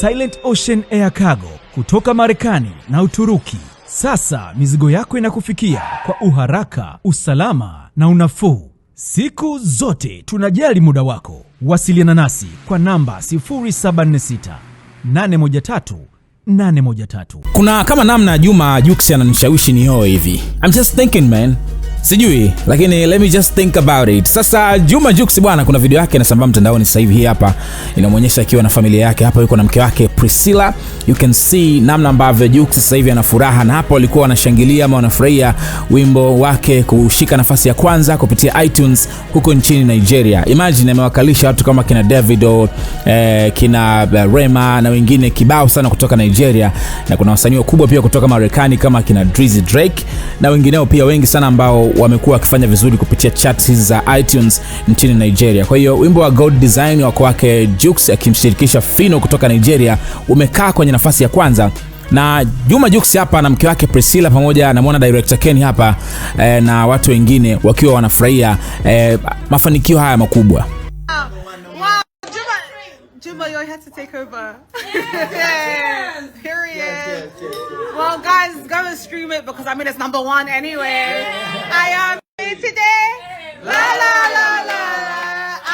Silent Ocean Air Cargo kutoka Marekani na Uturuki. Sasa mizigo yako inakufikia kwa uharaka, usalama na unafuu. Siku zote tunajali muda wako. Wasiliana nasi kwa namba 076 813 813. Kuna kama namna Juma Jux ananishawishi nioe hivi. I'm just thinking man. Sijui, lakini let me just think about it. Sasa Juma Jux bwana, kuna video yake inasambaa mtandaoni sasa hivi, hii hapa inamwonyesha akiwa na familia yake, hapa yuko na mke wake Priscilla. You can see namna ambavyo Jux sasa hivi ana furaha, na hapo walikuwa wanashangilia ama wanafurahia wimbo wake kushika nafasi ya kwanza kupitia iTunes huko nchini Nigeria. Imagine amewakalisha watu kama kina Davido, eh, kina eh, Rema na wengine kibao sana kutoka Nigeria, na kuna wasanii wakubwa pia kutoka Marekani kama kina Drizzy Drake na wengineo pia wengi sana ambao wamekuwa wakifanya vizuri kupitia charts hizi za iTunes nchini Nigeria. Kwa hiyo wimbo wa Gold Design wa kwake Jux akimshirikisha Fino kutoka Nigeria umekaa kwenye nafasi ya kwanza na Juma Jux hapa na mke wake Priscilla pamoja na mwana director Ken hapa eh, na watu wengine wakiwa wanafurahia eh, mafanikio haya makubwa. Wow. Wow. guys go and stream it because I mean it's number one anyway. Yeah. I am me today. La la la la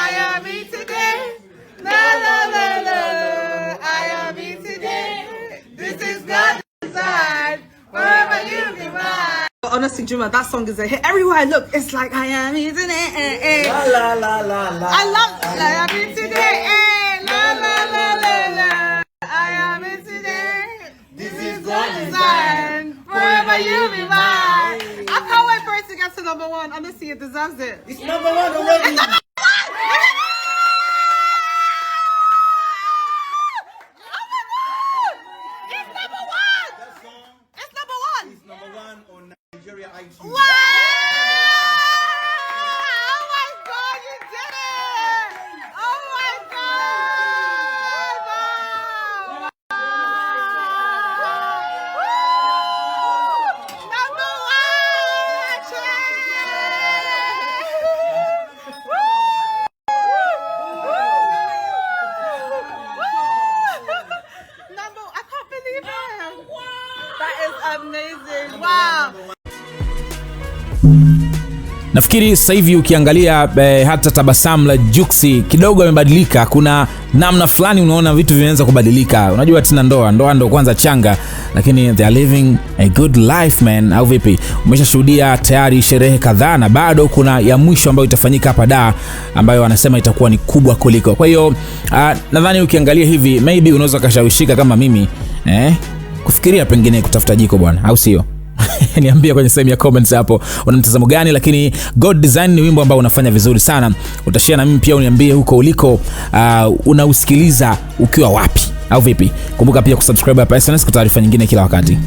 I am me today. La la la la. I am me today. This is God's design. Forever you be mine. Honestly, Juma, that song is a hit. Everywhere I look, it's like I am me today. Eh, La la la la la. I love I am me today. Eh. one. Let me see. It deserves it. It's yeah. number one already. It's number one on Nigeria IG. Wow! is amazing. Wow. Nafikiri sasa hivi ukiangalia eh, hata tabasamu la Juksi kidogo amebadilika. Kuna namna fulani unaona vitu vimeanza kubadilika. Unajua tena ndoa ndoa ndo kwanza changa, lakini they are living a good life man, au vipi? Umeshashuhudia tayari sherehe kadhaa na bado kuna ya mwisho ambayo itafanyika hapa Dar ambayo wanasema itakuwa ni kubwa kuliko. Kwa hiyo uh, nadhani ukiangalia hivi maybe unaweza kashawishika kama mimi eh? kufikiria pengine kutafuta jiko bwana, au sio? Niambia kwenye sehemu ya comments hapo una mtazamo gani, lakini God Design ni wimbo ambao unafanya vizuri sana. Utashare na mimi pia, uniambie huko uliko, uh, unausikiliza ukiwa wapi au vipi? Kumbuka pia kusubscribe hapa SnS kwa taarifa nyingine kila wakati.